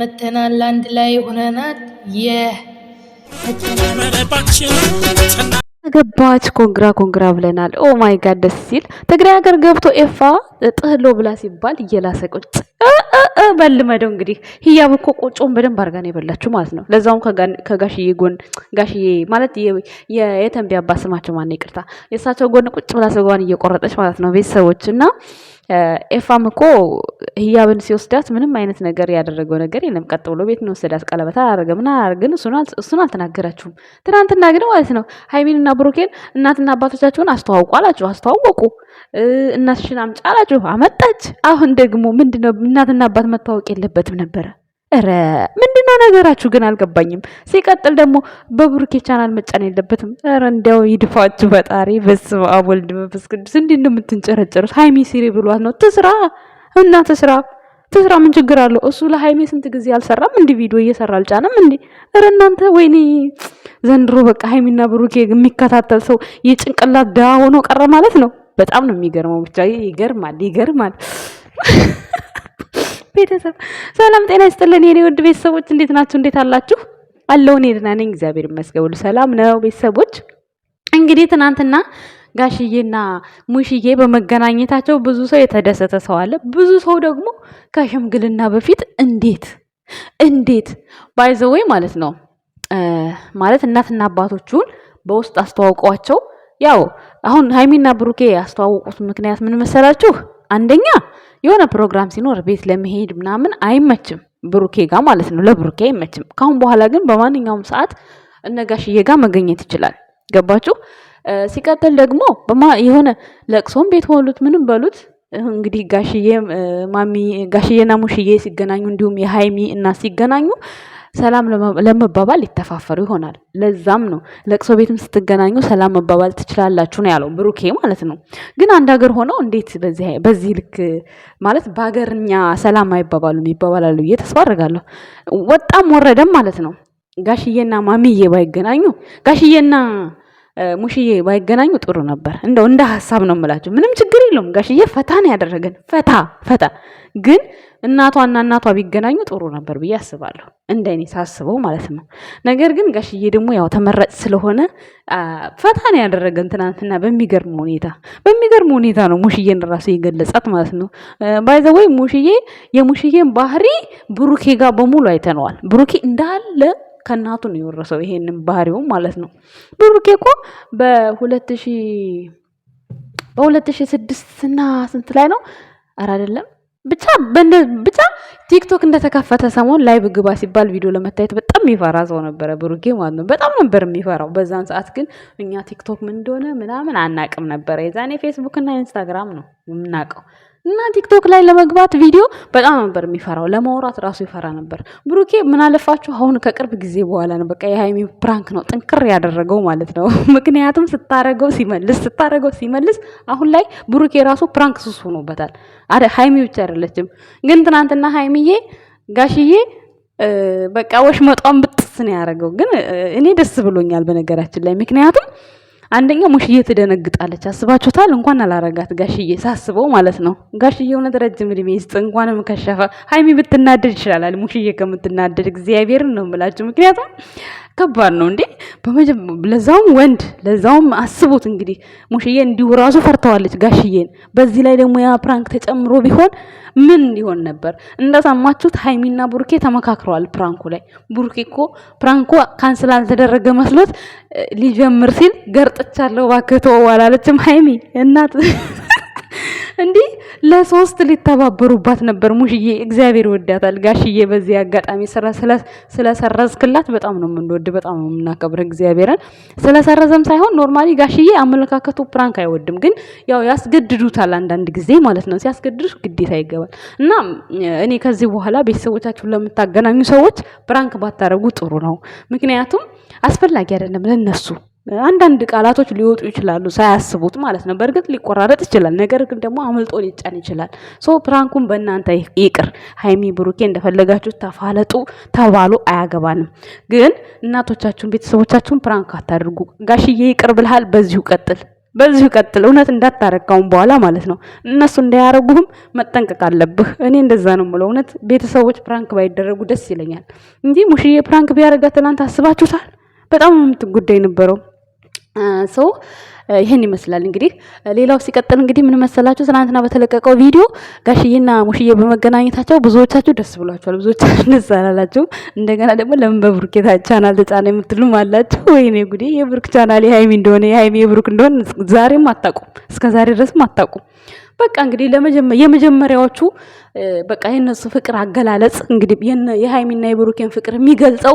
መተናል፣ አንድ ላይ ሆነናል። ገባች ኮንግራ ኮንግራ ብለናል። ኦ ማይ ጋድ ደስ ሲል ትግራይ ሀገር ገብቶ ኤፋ ጥህሎ ብላ ሲባል እየላሰ ቁጭ በልመደው እንግዲህ ህያብ እኮ ቆጮን በደንብ አድርጋ ነው የበላችሁ ማለት ነው። ለዛውም ከጋሽዬ ጎን ጋሽዬ ማለት የተንቢ አባት ስማቸው ማነው? ይቅርታ የእሳቸው ጎን ቁጭ ብላ ስጋዋን እየቆረጠች ማለት ነው። ቤተሰቦች እና ኤፋም እኮ ህያብን ሲወስዳት ምንም አይነት ነገር ያደረገው ነገር የለም። ቀጥ ብሎ ቤት ወሰዳት። ቀለበት አላደረገ ምን አላደረግን፣ እሱን አልተናገራችሁም። ትናንትና ግን ማለት ነው ሃይሚንና ብሩኬን እናትና አባቶቻችሁን አስተዋውቁ አላችሁ፣ አስተዋወቁ። እናትሽን አምጫ አላችሁ፣ አመጣች። አሁን ደግሞ ምንድነው እናትና አባት መታወቅ የለበትም ነበረ? ኧረ ምንድነው ነገራችሁ ግን አልገባኝም። ሲቀጥል ደግሞ በብሩኬ ቻናል መጫን የለበትም። ኧረ እንዲያው ይድፋችሁ ፈጣሪ። በስመ አብ ወልድ መንፈስ ቅዱስ። እንዲህ እንደምትንጨረጨሩት ሀይሚ ሲሪ ብሏት ነው ትስራ እና ትስራ፣ ምን ችግር አለው? እሱ ለሃይሜ ስንት ጊዜ አልሰራም? እንዲ ቪዲዮ እየሰራ አልጫንም እንዲ። ኧረ እናንተ ወይኔ፣ ዘንድሮ በቃ ሃይሜና ብሩኬ የሚከታተል ሰው የጭንቅላት ድሃ ሆኖ ቀረ ማለት ነው። በጣም ነው የሚገርመው። ብቻ ይገርማል፣ ይገርማል። ቤተሰብ ሰላም ጤና ይስጥልን የኔ ውድ ቤተሰቦች፣ እንዴት ናችሁ? እንዴት አላችሁ? አለውን? ደህና ነኝ፣ እግዚአብሔር ይመስገን፣ ሰላም ነው። ቤተሰቦች እንግዲህ ትናንትና ጋሽዬና ሙሽዬ በመገናኘታቸው ብዙ ሰው የተደሰተ ሰው አለ። ብዙ ሰው ደግሞ ከሽምግልና በፊት እንዴት እንዴት ባይዘወይ ማለት ነው ማለት እናትና አባቶቹን በውስጥ አስተዋውቀዋቸው ያው አሁን ሀይሚና ብሩኬ ያስተዋወቁት ምክንያት ምን መሰላችሁ? አንደኛ የሆነ ፕሮግራም ሲኖር ቤት ለመሄድ ምናምን አይመችም፣ ብሩኬ ጋር ማለት ነው። ለብሩኬ አይመችም። ካሁን በኋላ ግን በማንኛውም ሰዓት እነ ጋሽዬ ጋር መገኘት ይችላል። ገባችሁ? ሲቀጥል ደግሞ የሆነ ለቅሶም ቤት ሆኑት ምንም በሉት እንግዲህ ጋሽዬ ማሚ ጋሽዬና ሙሽዬ ሲገናኙ እንዲሁም የሀይሚ እና ሲገናኙ ሰላም ለመባባል ይተፋፈሩ ይሆናል። ለዛም ነው ለቅሶ ቤትም ስትገናኙ ሰላም መባባል ትችላላችሁ ነው ያለው ብሩኬ ማለት ነው። ግን አንድ ሀገር ሆነው እንዴት በዚህ ልክ ማለት በሀገርኛ ሰላም አይባባሉም? ይባባላሉ ብዬ ተስፋ አድርጋለሁ። ወጣም ወረደም ማለት ነው። ጋሽዬና ማሚዬ ባይገናኙ ጋሽዬና ሙሽዬ ባይገናኙ ጥሩ ነበር። እንደው እንደ ሀሳብ ነው የምላችሁ። ምንም ችግር የለውም። ጋሽዬ ፈታ ነው ያደረገን። ፈታ ፈታ። ግን እናቷና እናቷ ቢገናኙ ጥሩ ነበር ብዬ አስባለሁ፣ እንደ እኔ ሳስበው ማለት ነው። ነገር ግን ጋሽዬ ደግሞ ያው ተመራጭ ስለሆነ ፈታ ነው ያደረገን ትናንትና። በሚገርም ሁኔታ በሚገርም ሁኔታ ነው ሙሽዬን ራሱ የገለጻት ማለት ነው። ባይዘወይ ሙሽዬ የሙሽዬን ባህሪ ብሩኬ ጋር በሙሉ አይተነዋል። ብሩኬ እንዳለ ከእናቱ ነው የወረሰው ይሄንን ባህሪው ማለት ነው። ብሩኬ እኮ በሁለት ሺ በሁለት ሺ ስድስት እና ስንት ላይ ነው አረ አይደለም ብቻ ብቻ ቲክቶክ እንደተከፈተ ሰሞን ላይቭ ግባ ሲባል ቪዲዮ ለመታየት በጣም የሚፈራ ሰው ነበረ ብሩጌ ማለት ነው። በጣም ነበር የሚፈራው። በዛን ሰዓት ግን እኛ ቲክቶክ ምን እንደሆነ ምናምን አናቅም ነበረ። የዛኔ ፌስቡክ እና ኢንስታግራም ነው የምናውቀው። እና ቲክቶክ ላይ ለመግባት ቪዲዮ በጣም ነበር የሚፈራው። ለማውራት ራሱ ይፈራ ነበር። ብሩኬ ምናለፋችሁ አሁን ከቅርብ ጊዜ በኋላ ነው በቃ የሀይሚ ፕራንክ ነው ጥንክር ያደረገው ማለት ነው። ምክንያቱም ስታረገው ሲመልስ ስታረገው ሲመልስ አሁን ላይ ብሩኬ ራሱ ፕራንክ ሱስ ሆኖበታል። ሀይሚ ብቻ አይደለችም። ግን ትናንትና ሀይሚዬ ጋሽዬ በቃ ወሽመጧን ብጥስ ነው ያደረገው። ግን እኔ ደስ ብሎኛል በነገራችን ላይ ምክንያቱም አንደኛ ሙሽዬ ትደነግጣለች። አስባችሁታል? እንኳን አላረጋት ጋሽዬ ሳስበው ማለት ነው። ጋሽዬ እውነት ረጅም እድሜ ይስጥ። እንኳንም ከሸፈ ሀይሚ ብትናደድ ይችላል ሙሽዬ ከምትናደድ እግዚአብሔርን ነው የምላችሁ። ምክንያቱም ከባድ ነው እንዴ! ለዛውም ወንድ ለዛውም አስቡት እንግዲህ ሙሽዬ እንዲሁ ራሱ ፈርተዋለች ጋሽዬን። በዚህ ላይ ደግሞ ያ ፕራንክ ተጨምሮ ቢሆን ምን ሊሆን ነበር? እንደሰማችሁት ሀይሚና ቡርኬ ተመካክረዋል ፕራንኩ ላይ። ቡርኬ እኮ ፕራንኩ ካንስል አልተደረገ መስሎት ሊጀምር ሲል ገርጥቻለሁ እባክህ ተወው አላለችም ሀይሚ እናት እንዲህ ለሶስት ሊተባበሩባት ነበር። ሙሽዬ እግዚአብሔር ይወዳታል። ጋሽዬ በዚህ አጋጣሚ ስለሰረዝክላት በጣም ነው የምንወድ፣ በጣም ነው የምናከብር እግዚአብሔርን። ስለሰረዘም ሳይሆን ኖርማሊ ጋሽዬ አመለካከቱ ፕራንክ አይወድም፣ ግን ያው ያስገድዱታል አንዳንድ ጊዜ ማለት ነው። ሲያስገድዱት ግዴታ ይገባል እና እኔ ከዚህ በኋላ ቤተሰቦቻችሁን ለምታገናኙ ሰዎች ፕራንክ ባታረጉ ጥሩ ነው። ምክንያቱም አስፈላጊ አይደለም ለነሱ አንዳንድ ቃላቶች ሊወጡ ይችላሉ ሳያስቡት ማለት ነው። በእርግጥ ሊቆራረጥ ይችላል፣ ነገር ግን ደግሞ አምልጦ ሊጫን ይችላል። ሶ ፕራንኩን በእናንተ ይቅር። ሀይሚ ብሩኬ እንደፈለጋችሁ ተፋለጡ ተባሉ አያገባንም። ግን እናቶቻችሁን ቤተሰቦቻችሁን ፕራንክ አታድርጉ። ጋሽዬ ይቅር ብልሃል፣ በዚሁ ቀጥል በዚሁ ቀጥል። እውነት እንዳታረካውን በኋላ ማለት ነው። እነሱ እንዳያረጉህም መጠንቀቅ አለብህ። እኔ እንደዛ ነው የምለው። እውነት ቤተሰቦች ፕራንክ ባይደረጉ ደስ ይለኛል እንጂ ሙሽዬ ፕራንክ ቢያደርጋ ትናንት አስባችሁታል? በጣም የምትጉዳይ ነበረው። ሶ ይህን ይመስላል እንግዲህ። ሌላው ሲቀጥል እንግዲህ ምን መሰላችሁ፣ ትናንትና በተለቀቀው ቪዲዮ ጋሽዬና ሙሽዬ በመገናኘታቸው ብዙዎቻችሁ ደስ ብሏችኋል፣ ብዙዎቻችሁ ደስ አላላችሁም። እንደገና ደግሞ ለምን በብሩክ ቻናል ተጫና የምትሉም አላችሁ። ወይኔ ጉዴ! የብሩክ ቻናል የሀይሚ እንደሆነ የሀይሚ የብሩክ እንደሆነ ዛሬም አታውቁም፣ እስከ ዛሬ ድረስም አታውቁም። በቃ እንግዲህ የመጀመሪያዎቹ በቃ የነሱ ፍቅር አገላለጽ እንግዲህ የሀይሚና የብሩኬን ፍቅር የሚገልጸው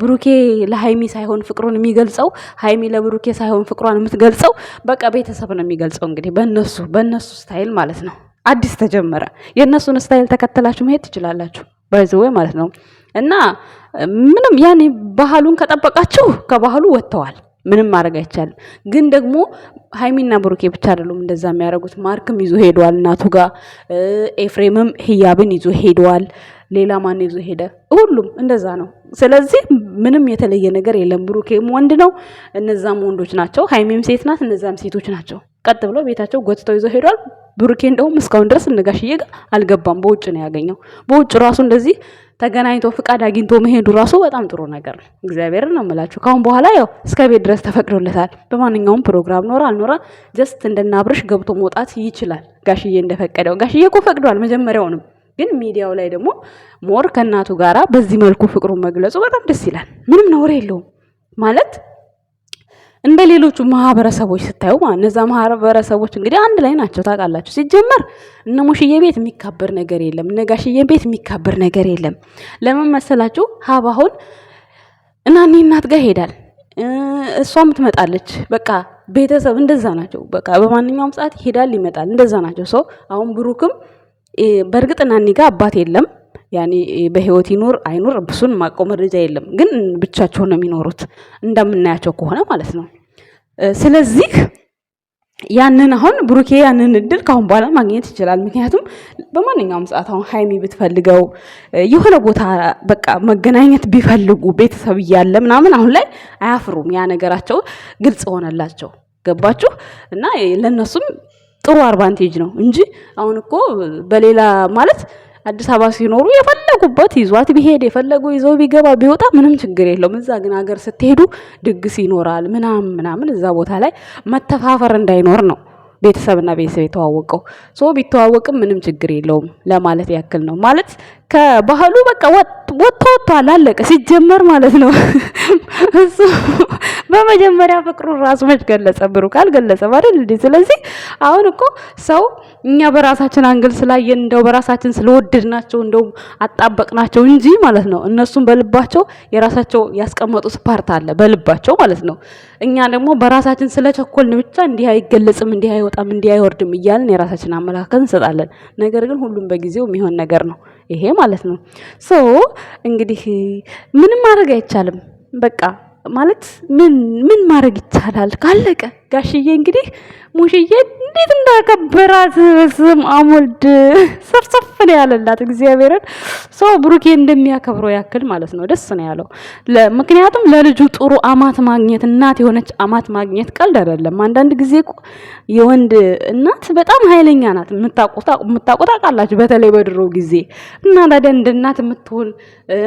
ብሩኬ ለሀይሚ ሳይሆን ፍቅሩን የሚገልጸው ሀይሚ ለብሩኬ ሳይሆን ፍቅሯን የምትገልጸው በቃ ቤተሰብ ነው የሚገልጸው። እንግዲህ በነሱ በነሱ ስታይል ማለት ነው። አዲስ ተጀመረ። የእነሱን ስታይል ተከትላችሁ መሄድ ትችላላችሁ። ባይዘወይ ማለት ነው እና ምንም ያኔ ባህሉን ከጠበቃችሁ ከባህሉ ወጥተዋል። ምንም ማድረግ አይቻልም። ግን ደግሞ ሀይሚና ብሩኬ ብቻ አይደሉም እንደዛ የሚያደርጉት። ማርክም ይዞ ሄደዋል እናቱ ጋር ኤፍሬምም ህያብን ይዞ ሄደዋል። ሌላ ማን ይዞ ሄደ? ሁሉም እንደዛ ነው። ስለዚህ ምንም የተለየ ነገር የለም። ብሩኬም ወንድ ነው፣ እነዛም ወንዶች ናቸው። ሀይሜም ሴት ናት፣ እነዛም ሴቶች ናቸው። ቀጥ ብሎ ቤታቸው ጎትተው ይዞ ሄዷል። ብሩኬ እንደውም እስካሁን ድረስ እነጋሽዬ ጋር አልገባም። በውጭ ነው ያገኘው። በውጭ ራሱ እንደዚህ ተገናኝቶ ፍቃድ አግኝቶ መሄዱ ራሱ በጣም ጥሩ ነገር ነው። እግዚአብሔርን ነው የምላችሁ። ካሁን በኋላ ያው እስከ ቤት ድረስ ተፈቅዶለታል። በማንኛውም ፕሮግራም ኖረ አልኖረ ጀስት እንደናብርሽ ገብቶ መውጣት ይችላል። ጋሽዬ እንደፈቀደው። ጋሽዬ እኮ ፈቅዷል መጀመሪያውንም ግን ሚዲያው ላይ ደግሞ ሞር ከእናቱ ጋራ በዚህ መልኩ ፍቅሩን መግለጹ በጣም ደስ ይላል። ምንም ነውር የለውም ማለት እንደ ሌሎቹ ማህበረሰቦች ስታዩ እነዛ ማህበረሰቦች እንግዲህ አንድ ላይ ናቸው ታውቃላችሁ። ሲጀመር እነ ሙሽዬ ቤት የሚካበር ነገር የለም፣ እነ ጋሽዬ ቤት የሚካበር ነገር የለም። ለምን መሰላችሁ? ሀብ አሁን እናት ጋር ይሄዳል፣ እሷም ትመጣለች። በቃ ቤተሰብ እንደዛ ናቸው። በቃ በማንኛውም ሰዓት ይሄዳል፣ ይመጣል፣ እንደዛ ናቸው። ሰው አሁን ብሩክም በእርግጥ ናኒ ጋር አባት የለም። ያኔ በህይወት ይኑር አይኑር እሱን ማቀው መረጃ የለም። ግን ብቻቸው ነው የሚኖሩት እንደምናያቸው ከሆነ ማለት ነው። ስለዚህ ያንን አሁን ብሩኬ ያንን እድል ከአሁን በኋላ ማግኘት ይችላል። ምክንያቱም በማንኛውም ሰዓት አሁን ሀይሚ ብትፈልገው የሆነ ቦታ በቃ መገናኘት ቢፈልጉ ቤተሰብ እያለ ምናምን አሁን ላይ አያፍሩም። ያ ነገራቸው ግልጽ ሆነላቸው። ገባችሁ እና ለእነሱም ጥሩ አድቫንቴጅ ነው እንጂ አሁን እኮ በሌላ ማለት አዲስ አበባ ሲኖሩ የፈለጉበት ይዟት ቢሄድ የፈለጉ ይዘው ቢገባ ቢወጣ ምንም ችግር የለውም። እዛ ግን ሀገር ስትሄዱ ድግስ ይኖራል ምናምን ምናምን እዛ ቦታ ላይ መተፋፈር እንዳይኖር ነው ቤተሰብና ቤተሰብ የተዋወቀው ሶ ቢተዋወቅም ምንም ችግር የለውም ለማለት ያክል ነው። ማለት ከባህሉ በቃ ወጥቶ ወጥቷል አለቀ ሲጀመር ማለት ነው እሱ በመጀመሪያ ፍቅሩ ራሱ መች ገለጸ? ብሩክ አልገለጸም አይደል እንዴ? ስለዚህ አሁን እኮ ሰው እኛ በራሳችን አንግል ስላየን እንደው በራሳችን ስለወደድናቸው እንደው አጣበቅናቸው እንጂ ማለት ነው። እነሱም በልባቸው የራሳቸው ያስቀመጡት ፓርት አለ በልባቸው ማለት ነው። እኛ ደግሞ በራሳችን ስለቸኮልን ብቻ እንዲህ አይገለጽም፣ እንዲህ አይወጣም፣ እንዲህ አይወርድም እያልን የራሳችን አመለካከት እንሰጣለን። ነገር ግን ሁሉም በጊዜው የሚሆን ነገር ነው ይሄ ማለት ነው። ሶ እንግዲህ ምንም ማድረግ አይቻልም በቃ ማለት ምን ምን ማድረግ ይቻላል? ካለቀ ጋሽዬ እንግዲህ ሙሽዬ እንዴት እንዳከበራት በስም አሞልድ ሰፍሰፍ ነው ያለላት። እግዚአብሔርን ሰው ብሩኬ እንደሚያከብረው ያክል ማለት ነው ደስ ነው ያለው። ምክንያቱም ለልጁ ጥሩ አማት ማግኘት እናት የሆነች አማት ማግኘት ቀልድ አይደለም። አንዳንድ ጊዜ የወንድ እናት በጣም ኃይለኛ ናት። የምታቆጣቃላችሁ በተለይ በድሮ ጊዜ እና ታዲያ እንደ እናት የምትሆን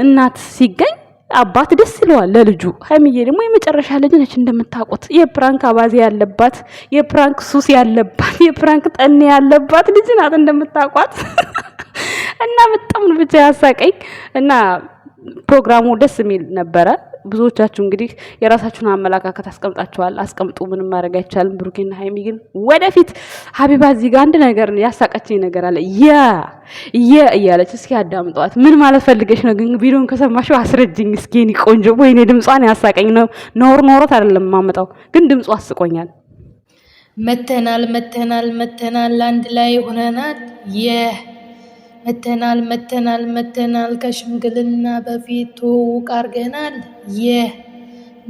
እናት ሲገኝ አባት ደስ ይለዋል ለልጁ። ሀይሚዬ ደግሞ የመጨረሻ ልጅ ነች እንደምታውቁት፣ የፕራንክ አባዜ ያለባት፣ የፕራንክ ሱስ ያለባት፣ የፕራንክ ጠኔ ያለባት ልጅ ናት እንደምታውቋት እና በጣም ብቻ ያሳቀኝ እና ፕሮግራሙ ደስ የሚል ነበረ። ብዙዎቻችሁ እንግዲህ የራሳችሁን አመለካከት አስቀምጣችኋል። አስቀምጡ፣ ምንም ማድረግ አይቻልም። ብሩኬና ሀይሚ ግን ወደፊት። ሀቢባ እዚህ ጋር አንድ ነገር ያሳቀችኝ ነገር አለ። ያ የ እያለች እስኪ አዳምጠዋት። ምን ማለት ፈልገች ነው? ግን ቪዲዮን ከሰማሽው አስረጅኝ እስኪ ቆንጆ። ወይኔ ድምጿን ያሳቀኝ ነው። ኖር ኖሮት አይደለም ማመጣው፣ ግን ድምጿ አስቆኛል። መተናል መተናል መተናል አንድ ላይ ሆነናል። መተናል መተናል መተናል ከሽምግልና በፊት ትውውቅ አርገናል። ይህ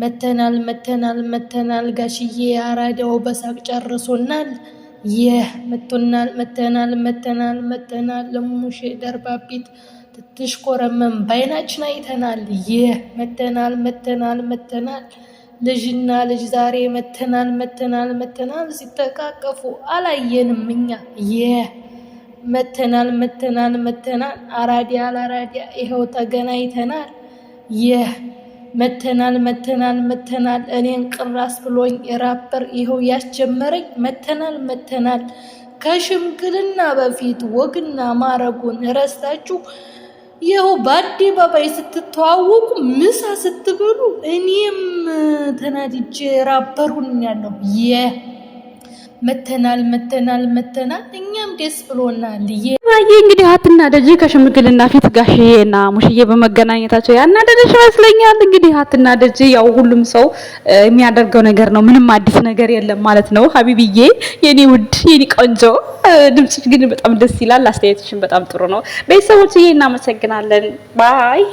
መተናል መተናል መተናል ጋሽዬ አራዳው በሳቅ ጨርሶናል። ይህ መቶናል መተናል መተናል መተናል ለሙሼ ደርባቢት ትትሽ ኮረመን ባይናችን አይተናል። ይህ መተናል መተናል መተናል ልጅና ልጅ ዛሬ መተናል መተናል መተናል ሲተቃቀፉ አላየንም እኛ ይህ መተናል መተናል መተናል አራዲያ ለአራዲያ ይኸው ተገናኝተናል። ይህ መተናል መተናል መተናል እኔን ቅራስ ብሎኝ የራበር ይኸው ያስጀመረኝ መተናል መተናል ከሽምግልና በፊት ወግና ማረጉን እረሳችሁ። ይኸው በአደባባይ ስትተዋወቁ ምሳ ስትበሉ እኔም ተናድጄ ራበሩን ያለው መተናል መተናል መተናል እኛም ደስ ብሎናል። ሩታዬ እንግዲህ አትናደጂ፣ ከሽምግልና ፊት ጋሽዬና ሙሽዬ በመገናኘታቸው ያናደደሽ ይመስለኛል። እንግዲህ አትናደጂ፣ ያው ሁሉም ሰው የሚያደርገው ነገር ነው። ምንም አዲስ ነገር የለም ማለት ነው። ሀቢብዬ የኔ ውድ የኔ ቆንጆ፣ ድምፅሽ ግን በጣም ደስ ይላል። አስተያየትሽን በጣም ጥሩ ነው። ቤተሰቦችዬ እናመሰግናለን። ባይ